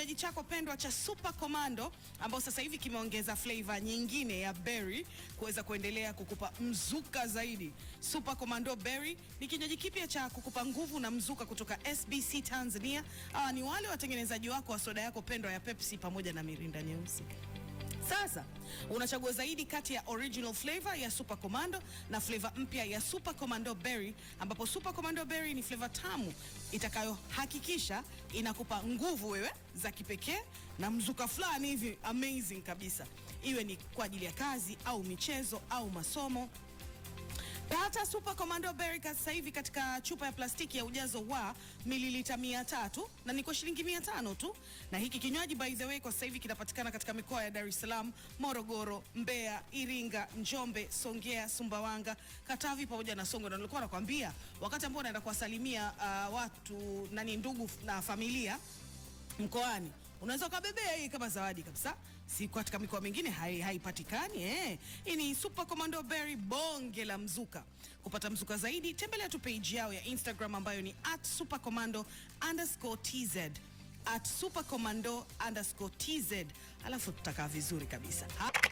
kinywaji chako pendwa cha Super Commando ambao sasa hivi kimeongeza flavor nyingine ya berry kuweza kuendelea kukupa mzuka zaidi. Super Commando Berry ni kinywaji kipya cha kukupa nguvu na mzuka kutoka SBC Tanzania. Hawa ah, ni wale watengenezaji wako wa soda yako pendwa ya Pepsi pamoja na Mirinda nyeusi. Sasa unachagua zaidi kati ya original flavor ya Super Commando na flavor mpya ya Super Commando Berry, ambapo Super Commando Berry ni flavor tamu itakayohakikisha inakupa nguvu wewe za kipekee na mzuka fulani hivi amazing kabisa, iwe ni kwa ajili ya kazi au michezo au masomo. Data Super Commando Berica sasa hivi katika chupa ya plastiki ya ujazo wa mililita mia tatu na ni kwa shilingi tano tu, na hiki kinywaji by the way kwa sasa hivi kinapatikana katika mikoa ya Dar es Salaam, Morogoro, Mbeya, Iringa, Njombe, Songea, Sumbawanga, Katavi pamoja na Songwe, na nilikuwa nakwambia wakati ambao naenda kuwasalimia uh, watu nani ndugu na familia mkoani unaweza ukabebea hii kama zawadi kabisa, si katika mikoa mingine haipatikani hai eh. Hii ni Super Commando Berry, bonge la mzuka. Kupata mzuka zaidi, tembelea tu page yao ya Instagram ambayo ni at supercommando underscore tz at supercommando underscore tz, alafu tutakaa vizuri kabisa ha